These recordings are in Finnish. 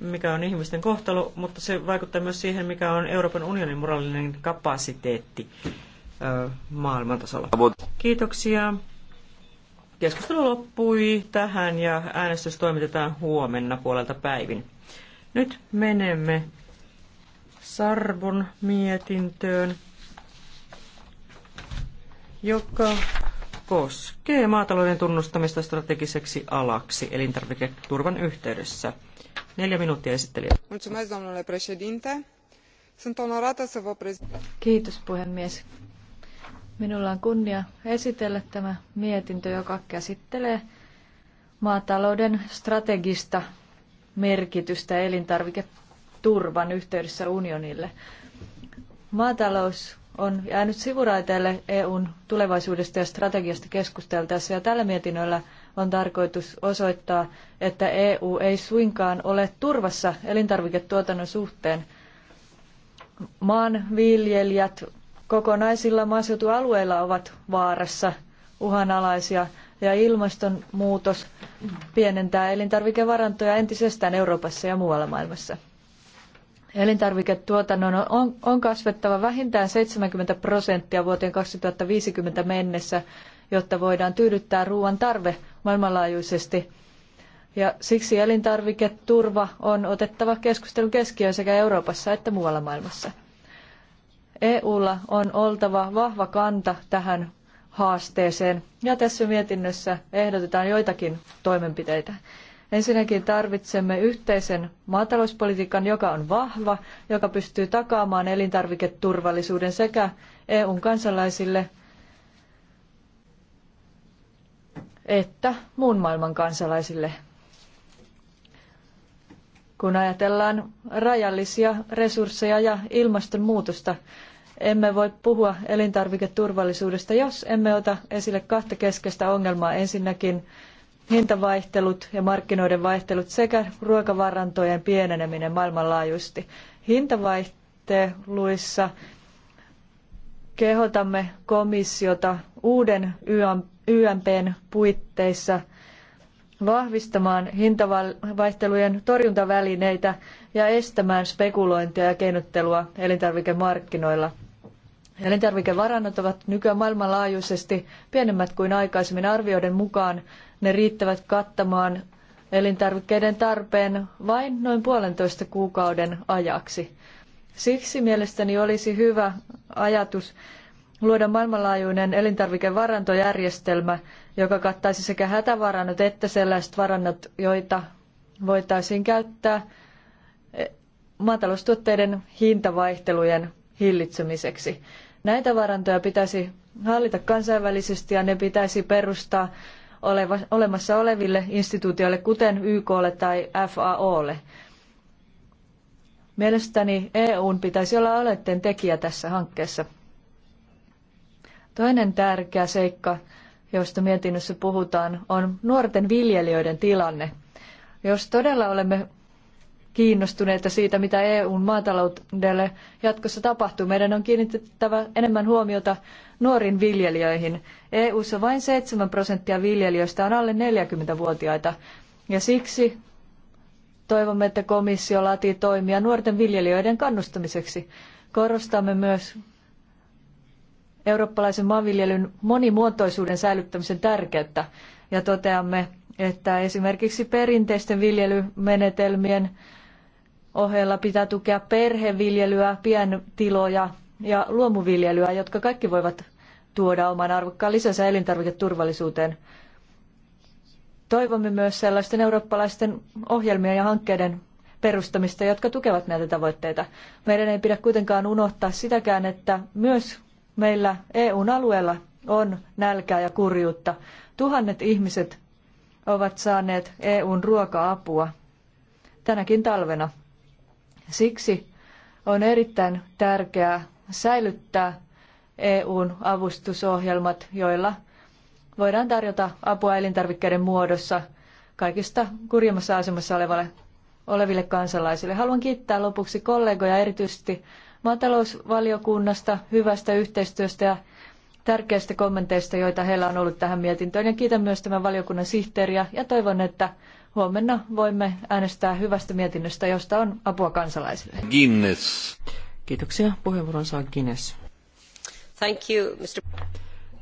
mikä on ihmisten kohtalo, mutta se vaikuttaa myös siihen, mikä on Euroopan unionin moraalinen kapasiteetti maailmantasolla. tasolla. Kiitoksia. Keskustelu loppui tähän ja äänestys toimitetaan huomenna puolelta päivin. Nyt menemme Sarbon mietintöön, joka koskee maatalouden tunnustamista strategiseksi alaksi elintarviketurvan yhteydessä. Neljä minuuttia esittelijä. Kiitos, puhemies. Minulla on kunnia esitellä tämä mietintö, joka käsittelee maatalouden strategista merkitystä elintarviketurvan yhteydessä unionille. Maatalous on jäänyt sivuraiteelle EUn tulevaisuudesta ja strategiasta keskusteltaessa ja tällä mietinnöllä – on tarkoitus osoittaa, että EU ei suinkaan ole turvassa elintarviketuotannon suhteen. Maanviljelijät kokonaisilla maaseutualueilla ovat vaarassa uhanalaisia ja ilmastonmuutos pienentää elintarvikevarantoja entisestään Euroopassa ja muualla maailmassa. Elintarviketuotannon on, kasvettava vähintään 70 prosenttia vuoteen 2050 mennessä jotta voidaan tyydyttää ruoan tarve maailmanlaajuisesti. Ja siksi elintarviketurva on otettava keskustelun keskiöön sekä Euroopassa että muualla maailmassa. EUlla on oltava vahva kanta tähän haasteeseen ja tässä mietinnössä ehdotetaan joitakin toimenpiteitä. Ensinnäkin tarvitsemme yhteisen maatalouspolitiikan, joka on vahva, joka pystyy takaamaan elintarviketurvallisuuden sekä EUn kansalaisille että muun maailman kansalaisille. Kun ajatellaan rajallisia resursseja ja ilmastonmuutosta, emme voi puhua elintarviketurvallisuudesta, jos emme ota esille kahta keskeistä ongelmaa. Ensinnäkin hintavaihtelut ja markkinoiden vaihtelut sekä ruokavarantojen pieneneminen maailmanlaajuisesti. Hintavaihteluissa kehotamme komissiota uuden YMP YMPn puitteissa vahvistamaan hintavaihtelujen torjuntavälineitä ja estämään spekulointia ja keinottelua elintarvikemarkkinoilla. Elintarvikevarannot ovat nykyään maailmanlaajuisesti pienemmät kuin aikaisemmin arvioiden mukaan. Ne riittävät kattamaan elintarvikkeiden tarpeen vain noin puolentoista kuukauden ajaksi. Siksi mielestäni olisi hyvä ajatus luoda maailmanlaajuinen elintarvikevarantojärjestelmä, joka kattaisi sekä hätävarannot että sellaiset varannot, joita voitaisiin käyttää e, maataloustuotteiden hintavaihtelujen hillitsemiseksi. Näitä varantoja pitäisi hallita kansainvälisesti ja ne pitäisi perustaa olemassa oleville instituutioille, kuten YKlle tai FAOlle. Mielestäni EUn pitäisi olla aloitteen tekijä tässä hankkeessa. Toinen tärkeä seikka, josta mietinnössä puhutaan, on nuorten viljelijöiden tilanne. Jos todella olemme kiinnostuneita siitä, mitä EUn maataloudelle jatkossa tapahtuu. Meidän on kiinnitettävä enemmän huomiota nuoriin viljelijöihin. EUssa vain 7 prosenttia viljelijöistä on alle 40-vuotiaita ja siksi toivomme, että komissio laatii toimia nuorten viljelijöiden kannustamiseksi. Korostamme myös eurooppalaisen maanviljelyn monimuotoisuuden säilyttämisen tärkeyttä ja toteamme, että esimerkiksi perinteisten viljelymenetelmien ohella pitää tukea perheviljelyä, pientiloja ja luomuviljelyä, jotka kaikki voivat tuoda oman arvokkaan lisänsä elintarviketurvallisuuteen. Toivomme myös sellaisten eurooppalaisten ohjelmien ja hankkeiden perustamista, jotka tukevat näitä tavoitteita. Meidän ei pidä kuitenkaan unohtaa sitäkään, että myös meillä EUn alueella on nälkää ja kurjuutta. Tuhannet ihmiset ovat saaneet EUn ruoka-apua tänäkin talvena. Siksi on erittäin tärkeää säilyttää EUn avustusohjelmat, joilla voidaan tarjota apua elintarvikkeiden muodossa kaikista kurjemmassa asemassa olevalle, oleville kansalaisille. Haluan kiittää lopuksi kollegoja erityisesti maatalousvaliokunnasta, hyvästä yhteistyöstä ja tärkeistä kommenteista, joita heillä on ollut tähän mietintöön. Ja kiitän myös tämän valiokunnan sihteeriä ja toivon, että huomenna voimme äänestää hyvästä mietinnöstä, josta on apua kansalaisille. Guinness. Kiitoksia. Puheenvuoron saa Guinness. Thank you, Mr.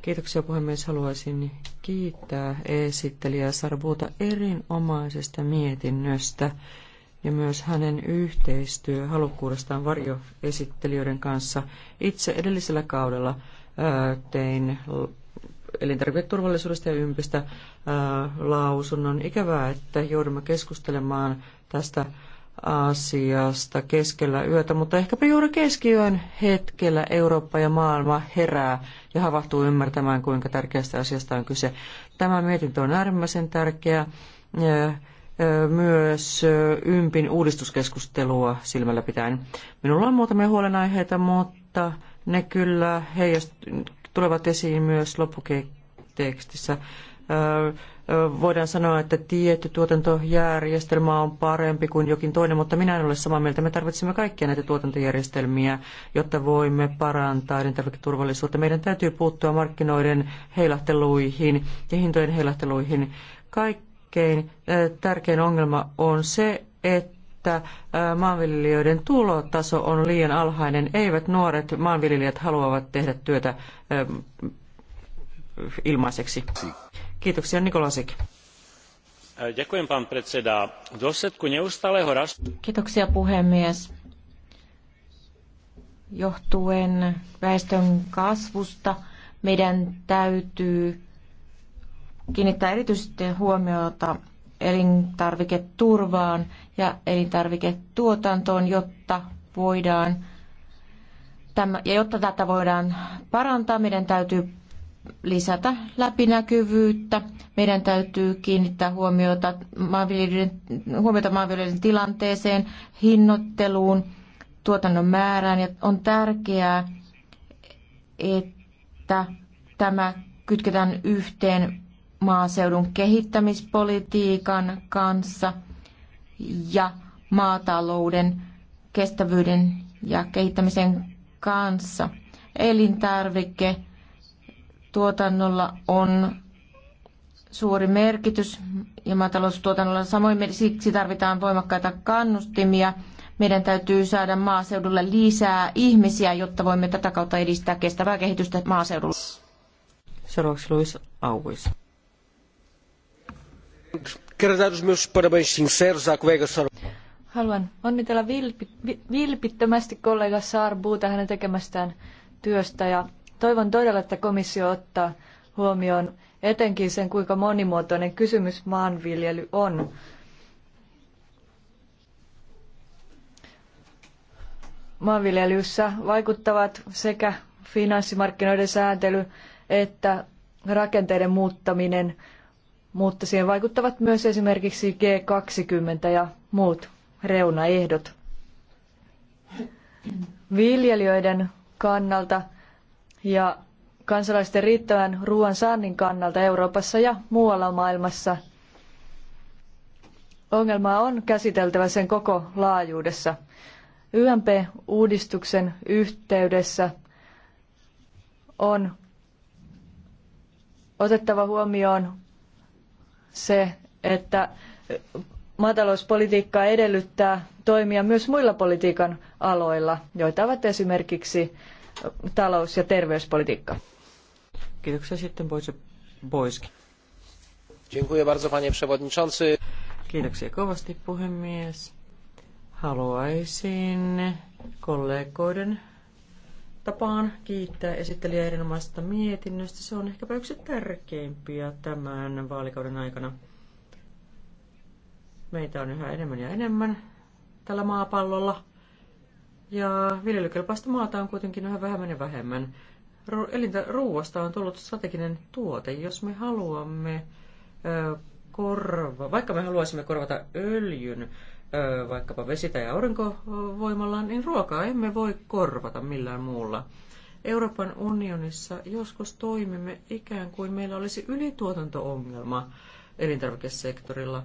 Kiitoksia puhemies. Haluaisin kiittää esittelijää Sarvuuta erinomaisesta mietinnöstä ja myös hänen yhteistyöhalukkuudestaan varjoesittelijöiden kanssa. Itse edellisellä kaudella tein elintarviketurvallisuudesta ja ympistä lausunnon. Ikävää, että joudumme keskustelemaan tästä asiasta keskellä yötä, mutta ehkäpä juuri keskiyön hetkellä Eurooppa ja maailma herää ja havahtuu ymmärtämään, kuinka tärkeästä asiasta on kyse. Tämä mietintö on äärimmäisen tärkeä myös ympin uudistuskeskustelua silmällä pitäen. Minulla on muutamia huolenaiheita, mutta ne kyllä heijast- tulevat esiin myös lopputekstissä. Voidaan sanoa, että tietty tuotantojärjestelmä on parempi kuin jokin toinen, mutta minä en ole samaa mieltä. Me tarvitsemme kaikkia näitä tuotantojärjestelmiä, jotta voimme parantaa elintarviketurvallisuutta. Meidän täytyy puuttua markkinoiden heilahteluihin ja hintojen heilahteluihin. Kaikki kaikkein tärkein ongelma on se, että maanviljelijöiden tulotaso on liian alhainen. Eivät nuoret maanviljelijät haluavat tehdä työtä ilmaiseksi. Kiitoksia Nikolasik. Kiitoksia puhemies. Johtuen väestön kasvusta meidän täytyy kiinnittää erityisesti huomiota elintarviketurvaan ja elintarviketuotantoon, jotta voidaan Tämä, ja jotta tätä voidaan parantaa, meidän täytyy lisätä läpinäkyvyyttä. Meidän täytyy kiinnittää huomiota maanviljelijöiden, huomiota maanviljelijöiden tilanteeseen, hinnoitteluun, tuotannon määrään. Ja on tärkeää, että tämä kytketään yhteen maaseudun kehittämispolitiikan kanssa ja maatalouden kestävyyden ja kehittämisen kanssa. Elintarvike tuotannolla on suuri merkitys ja maataloustuotannolla samoin siksi tarvitaan voimakkaita kannustimia. Meidän täytyy saada maaseudulle lisää ihmisiä, jotta voimme tätä kautta edistää kestävää kehitystä maaseudulla. Seuraavaksi Luis Auis. Haluan onnitella vilpittömästi kollega Saarbuuta hänen tekemästään työstä ja toivon todella, että komissio ottaa huomioon etenkin sen, kuinka monimuotoinen kysymys maanviljely on. Maanviljelyssä vaikuttavat sekä finanssimarkkinoiden sääntely että rakenteiden muuttaminen – mutta siihen vaikuttavat myös esimerkiksi G20 ja muut reunaehdot. Viljelijöiden kannalta ja kansalaisten riittävän ruoan saannin kannalta Euroopassa ja muualla maailmassa ongelmaa on käsiteltävä sen koko laajuudessa. YMP-uudistuksen yhteydessä on otettava huomioon se, että maatalouspolitiikka edellyttää toimia myös muilla politiikan aloilla, joita ovat esimerkiksi talous- ja terveyspolitiikka. Kiitoksia sitten Boise Boiski. Dziękuję bardzo, panie przewodniczący. Kiitoksia kovasti, puhemies. Haluaisin kollegoiden tapaan kiittää esittelijä erinomaisesta mietinnöstä. Se on ehkäpä yksi tärkeimpiä tämän vaalikauden aikana. Meitä on yhä enemmän ja enemmän tällä maapallolla. Ja viljelykelpaista maata on kuitenkin yhä vähemmän ja vähemmän. Elintä on tullut strateginen tuote. Jos me haluamme korva, vaikka me haluaisimme korvata öljyn vaikkapa vesitä ja aurinkovoimalla, niin ruokaa emme voi korvata millään muulla. Euroopan unionissa joskus toimimme ikään kuin meillä olisi ylituotanto-ongelma elintarvikesektorilla.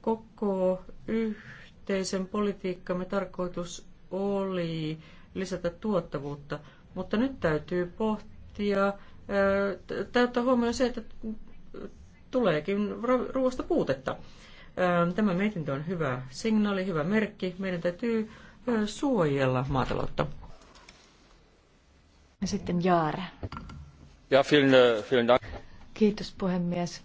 Koko yhteisen politiikkamme tarkoitus oli lisätä tuottavuutta, mutta nyt täytyy pohtia, täyttää huomioon se, että tuleekin ruoasta puutetta. Tämä mietintö on hyvä signaali, hyvä merkki. Meidän täytyy suojella maataloutta. Ja sitten Jaare. Ja, vielen, äh, vielen dank. Kiitos puhemies.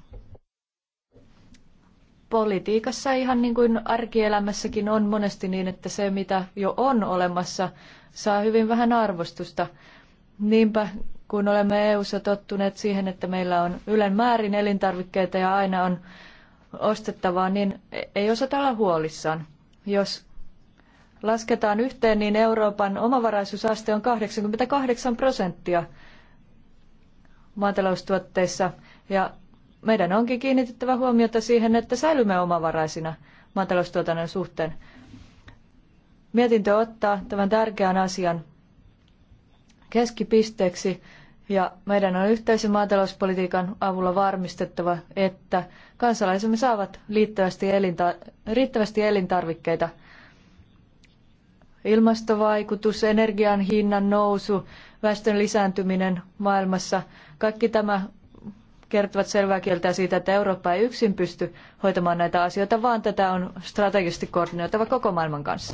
Politiikassa ihan niin kuin arkielämässäkin on monesti niin, että se mitä jo on olemassa saa hyvin vähän arvostusta. Niinpä kun olemme EU-ssa tottuneet siihen, että meillä on ylen määrin elintarvikkeita ja aina on ostettavaa, niin ei osata olla huolissaan. Jos lasketaan yhteen, niin Euroopan omavaraisuusaste on 88 prosenttia maataloustuotteissa. Ja meidän onkin kiinnitettävä huomiota siihen, että säilymme omavaraisina maataloustuotannon suhteen. Mietintö ottaa tämän tärkeän asian keskipisteeksi ja meidän on yhteisen maatalouspolitiikan avulla varmistettava, että kansalaisemme saavat riittävästi elintarvikkeita. Ilmastovaikutus, energian hinnan nousu, väestön lisääntyminen maailmassa, kaikki tämä kertovat selvää kieltä siitä, että Eurooppa ei yksin pysty hoitamaan näitä asioita, vaan tätä on strategisesti koordinoitava koko maailman kanssa.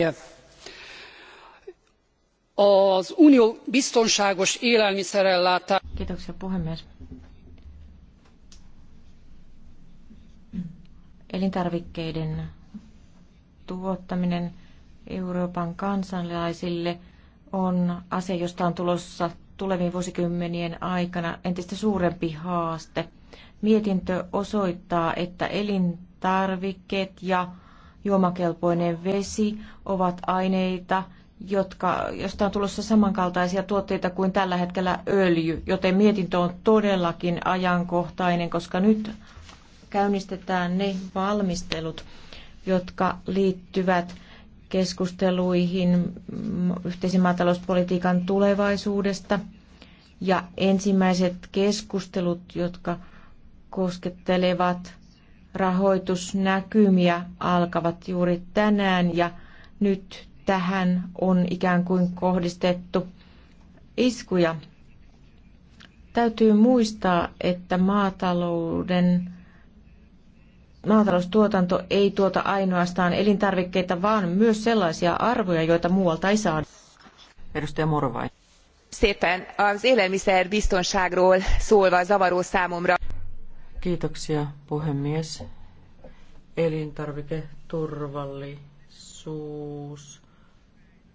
Yeah az unió biztonságos élelmiszerellátás... Elintarvikkeiden tuottaminen Euroopan kansalaisille on asia, josta on tulossa tulevien vuosikymmenien aikana entistä suurempi haaste. Mietintö osoittaa, että elintarvikkeet ja juomakelpoinen vesi ovat aineita, jotka, josta on tulossa samankaltaisia tuotteita kuin tällä hetkellä öljy, joten mietintö on todellakin ajankohtainen, koska nyt käynnistetään ne valmistelut, jotka liittyvät keskusteluihin yhteisen maatalouspolitiikan tulevaisuudesta. Ja ensimmäiset keskustelut, jotka koskettelevat rahoitusnäkymiä, alkavat juuri tänään ja nyt tähän on ikään kuin kohdistettu iskuja. Täytyy muistaa, että maatalouden maataloustuotanto ei tuota ainoastaan elintarvikkeita, vaan myös sellaisia arvoja, joita muualta ei saada. Edustaja Morvain. Szépen az élelmiszerbiztonságról szólva zavaró számomra. Kiitoksia puhemies. Elintarviketurvallisuus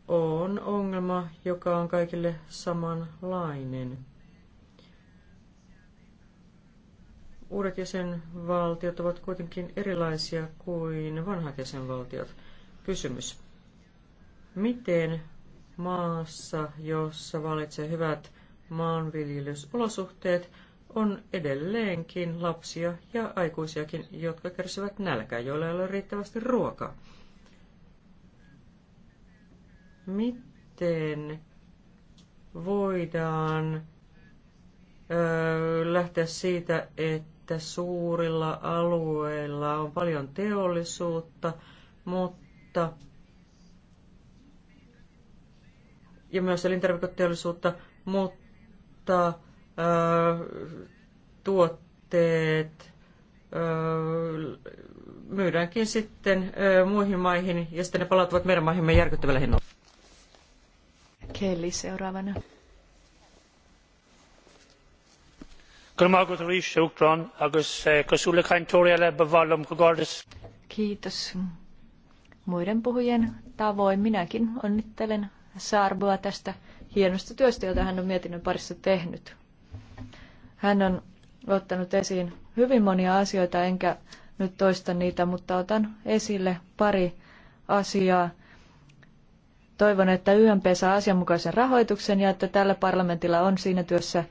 on ongelma, joka on kaikille samanlainen. Uudet jäsenvaltiot ovat kuitenkin erilaisia kuin vanhat jäsenvaltiot. Kysymys. Miten maassa, jossa valitsee hyvät maanviljelysolosuhteet, on edelleenkin lapsia ja aikuisiakin, jotka kärsivät nälkää, joilla ei ole riittävästi ruokaa? miten voidaan ö, lähteä siitä, että suurilla alueilla on paljon teollisuutta, mutta ja myös elintarviketeollisuutta, mutta ö, tuotteet ö, myydäänkin sitten ö, muihin maihin ja sitten ne palautuvat meidän maihimme järkyttävällä hinnalla. Kelly seuraavana. Eh, Kiitos. Muiden puhujien tavoin minäkin onnittelen Saarboa tästä hienosta työstä, jota hän on mietinnön parissa tehnyt. Hän on ottanut esiin hyvin monia asioita, enkä nyt toista niitä, mutta otan esille pari asiaa, Toivon, että YMP saa asianmukaisen rahoituksen ja että tällä parlamentilla on siinä työssä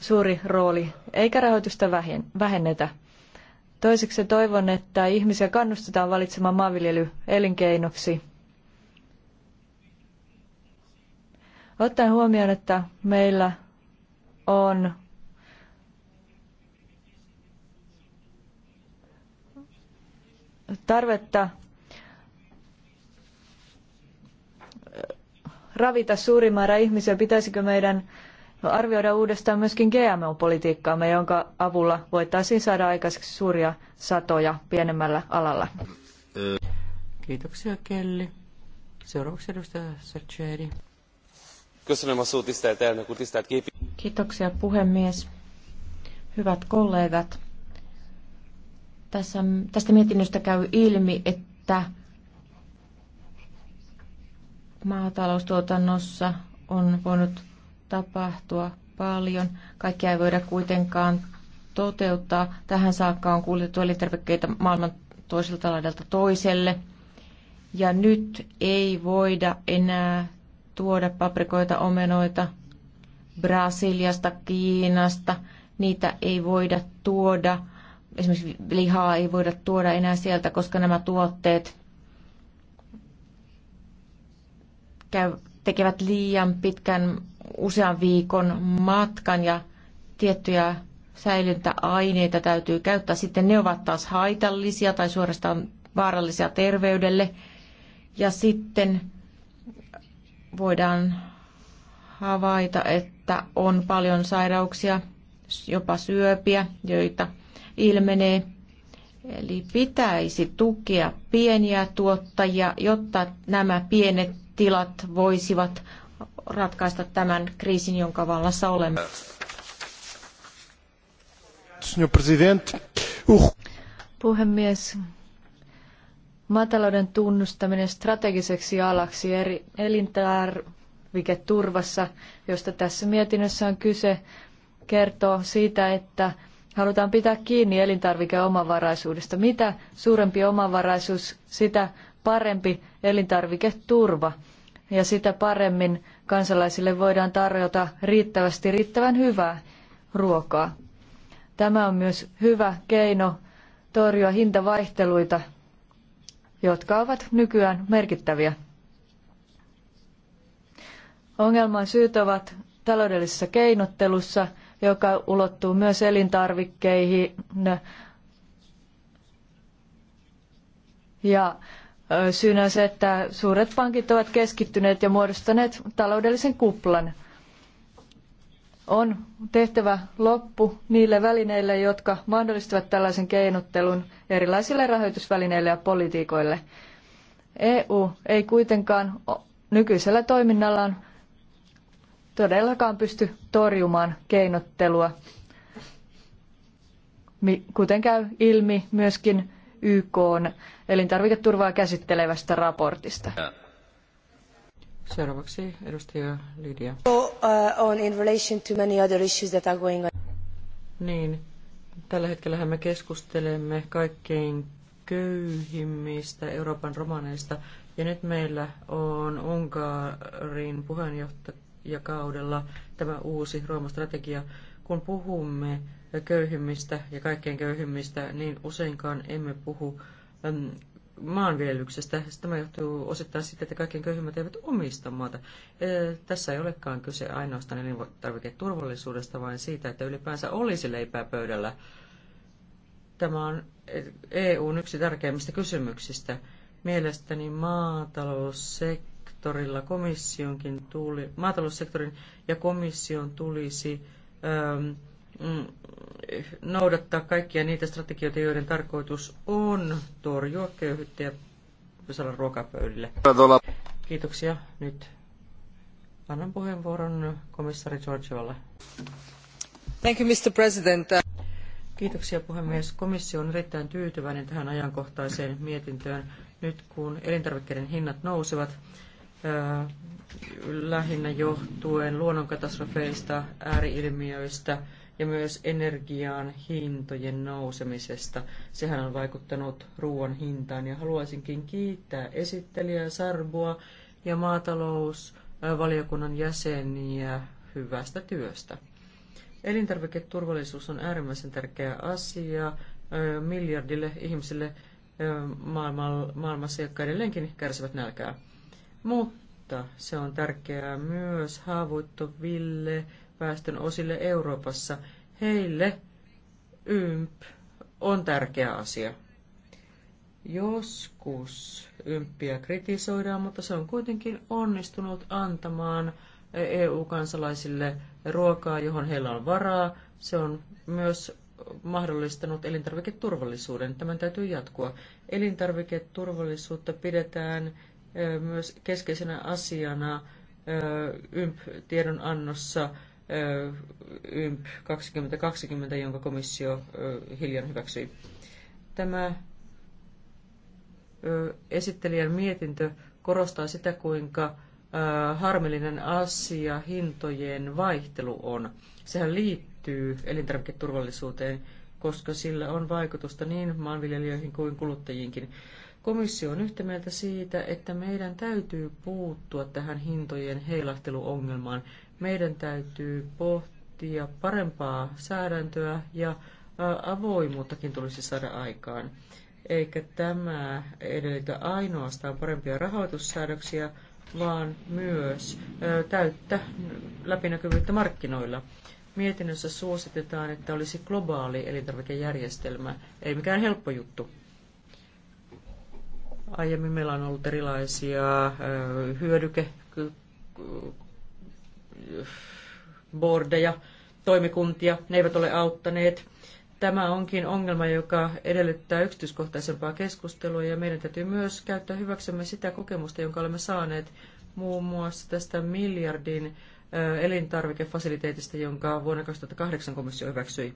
suuri rooli, eikä rahoitusta vähennetä. Toiseksi toivon, että ihmisiä kannustetaan valitsemaan maanviljely elinkeinoksi. Ottaen huomioon, että meillä on tarvetta ravita suuri määrä ihmisiä, pitäisikö meidän arvioida uudestaan myöskin GMO-politiikkaamme, jonka avulla voitaisiin saada aikaiseksi suuria satoja pienemmällä alalla. Kiitoksia Kelli. Seuraavaksi edustaja Sergeri. Kiitoksia puhemies. Hyvät kollegat, Tässä, tästä mietinnöstä käy ilmi, että maataloustuotannossa on voinut tapahtua paljon. Kaikkia ei voida kuitenkaan toteuttaa. Tähän saakka on kuljettu elintarvikkeita maailman toiselta laidalta toiselle. Ja nyt ei voida enää tuoda paprikoita, omenoita Brasiliasta, Kiinasta. Niitä ei voida tuoda. Esimerkiksi lihaa ei voida tuoda enää sieltä, koska nämä tuotteet käy, tekevät liian pitkän usean viikon matkan ja tiettyjä säilyntäaineita täytyy käyttää. Sitten ne ovat taas haitallisia tai suorastaan vaarallisia terveydelle. Ja sitten voidaan havaita, että on paljon sairauksia, jopa syöpiä, joita ilmenee. Eli pitäisi tukea pieniä tuottajia, jotta nämä pienet tilat voisivat ratkaista tämän kriisin, jonka vallassa olemme. Puhemies, maatalouden tunnustaminen strategiseksi alaksi eri elintarviketurvassa, josta tässä mietinnössä on kyse, kertoo siitä, että halutaan pitää kiinni elintarvikeomavaraisuudesta. Mitä suurempi omavaraisuus, sitä parempi elintarviketurva ja sitä paremmin kansalaisille voidaan tarjota riittävästi riittävän hyvää ruokaa. Tämä on myös hyvä keino torjua hintavaihteluita, jotka ovat nykyään merkittäviä. Ongelman syyt ovat taloudellisessa keinottelussa, joka ulottuu myös elintarvikkeihin ja Syynä on se, että suuret pankit ovat keskittyneet ja muodostaneet taloudellisen kuplan. On tehtävä loppu niille välineille, jotka mahdollistavat tällaisen keinottelun erilaisille rahoitusvälineille ja politiikoille. EU ei kuitenkaan nykyisellä toiminnallaan todellakaan pysty torjumaan keinottelua, kuten käy ilmi myöskin YK elintarviketurvaa käsittelevästä raportista. Seuraavaksi edustaja Lydia. Uh, on in relation to many other issues that are going on. Niin, tällä hetkellä me keskustelemme kaikkein köyhimmistä Euroopan romaneista. Ja nyt meillä on Unkarin puheenjohtajakaudella tämä uusi Rooman strategia kun puhumme köyhimmistä ja kaikkein köyhimmistä, niin useinkaan emme puhu maanviljelyksestä. Tämä johtuu osittain siitä, että kaikkein köyhimmät eivät omista maata. Tässä ei olekaan kyse ainoastaan elintarviketurvallisuudesta, vaan siitä, että ylipäänsä olisi leipää pöydällä. Tämä on EUn yksi tärkeimmistä kysymyksistä. Mielestäni maataloussektorilla komissionkin tuli, maataloussektorin ja komission tulisi Ähm, mm, noudattaa kaikkia niitä strategioita, joiden tarkoitus on torjua köyhyyttä ja saada ruokapöydille. Kiitoksia. Nyt annan puheenvuoron komissaari Georgiolle. Thank you, Mr. President. Kiitoksia puhemies. Komissio on erittäin tyytyväinen tähän ajankohtaiseen mietintöön nyt kun elintarvikkeiden hinnat nousevat lähinnä johtuen luonnonkatastrofeista, ääriilmiöistä ja myös energian hintojen nousemisesta. Sehän on vaikuttanut ruoan hintaan ja haluaisinkin kiittää esittelijää Sarbua ja maatalousvaliokunnan jäseniä hyvästä työstä. Elintarviketurvallisuus on äärimmäisen tärkeä asia miljardille ihmisille maailmassa, jotka edelleenkin kärsivät nälkää. Mutta se on tärkeää myös haavoittuville väestön osille Euroopassa. Heille ymp on tärkeä asia. Joskus ymppiä kritisoidaan, mutta se on kuitenkin onnistunut antamaan EU-kansalaisille ruokaa, johon heillä on varaa. Se on myös mahdollistanut elintarviketurvallisuuden. Tämän täytyy jatkua. Elintarviketurvallisuutta pidetään myös keskeisenä asiana YMP-tiedon annossa YMP 2020, jonka komissio hiljan hyväksyi. Tämä esittelijän mietintö korostaa sitä, kuinka harmillinen asia hintojen vaihtelu on. Sehän liittyy elintarviketurvallisuuteen, koska sillä on vaikutusta niin maanviljelijöihin kuin kuluttajiinkin. Komissio on yhtä mieltä siitä, että meidän täytyy puuttua tähän hintojen heilahteluongelmaan. Meidän täytyy pohtia parempaa säädäntöä ja avoimuuttakin tulisi saada aikaan. Eikä tämä edellytä ainoastaan parempia rahoitussäädöksiä, vaan myös täyttä läpinäkyvyyttä markkinoilla. Mietinnössä suositetaan, että olisi globaali elintarvikejärjestelmä, ei mikään helppo juttu. Aiemmin meillä on ollut erilaisia hyödyke boardeja, toimikuntia, ne eivät ole auttaneet. Tämä onkin ongelma, joka edellyttää yksityiskohtaisempaa keskustelua ja meidän täytyy myös käyttää hyväksemme sitä kokemusta, jonka olemme saaneet muun muassa tästä miljardin elintarvikefasiliteetista, jonka vuonna 2008 komissio hyväksyi.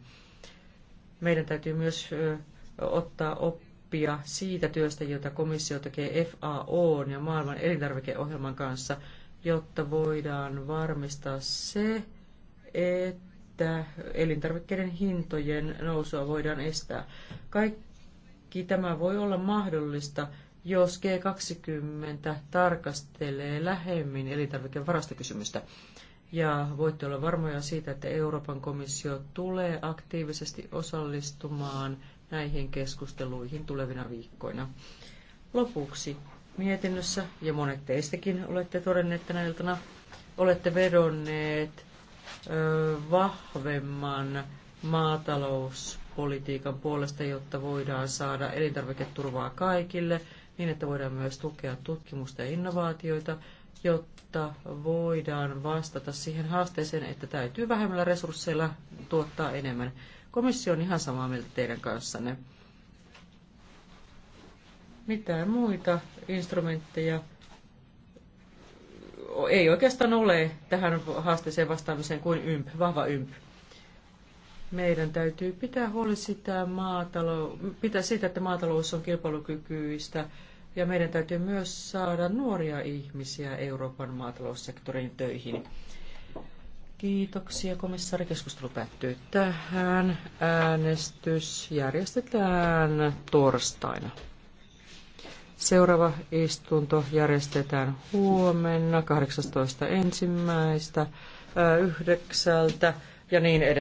Meidän täytyy myös ottaa oppia oppia siitä työstä, jota komissio tekee FAO ja maailman elintarvikeohjelman kanssa, jotta voidaan varmistaa se, että elintarvikkeiden hintojen nousua voidaan estää. Kaikki tämä voi olla mahdollista, jos G20 tarkastelee lähemmin elintarvikevarastokysymystä. Ja voitte olla varmoja siitä, että Euroopan komissio tulee aktiivisesti osallistumaan – näihin keskusteluihin tulevina viikkoina. Lopuksi mietinnössä, ja monet teistäkin olette todenneet tänä iltana, olette vedonneet ö, vahvemman maatalouspolitiikan puolesta, jotta voidaan saada elintarviketurvaa kaikille, niin että voidaan myös tukea tutkimusta ja innovaatioita, jotta voidaan vastata siihen haasteeseen, että täytyy vähemmällä resursseilla tuottaa enemmän. Komissio on ihan samaa mieltä teidän kanssanne. Mitään muita instrumentteja ei oikeastaan ole tähän haasteeseen vastaamiseen kuin YMP, vahva YMP. Meidän täytyy pitää huoli sitä, maatalo, pitää siitä, että maatalous on kilpailukykyistä ja meidän täytyy myös saada nuoria ihmisiä Euroopan maataloussektorin töihin. Kiitoksia. Komissaari, keskustelu päättyy tähän. Äänestys järjestetään torstaina. Seuraava istunto järjestetään huomenna 18.1. yhdeksältä ja niin edelleen.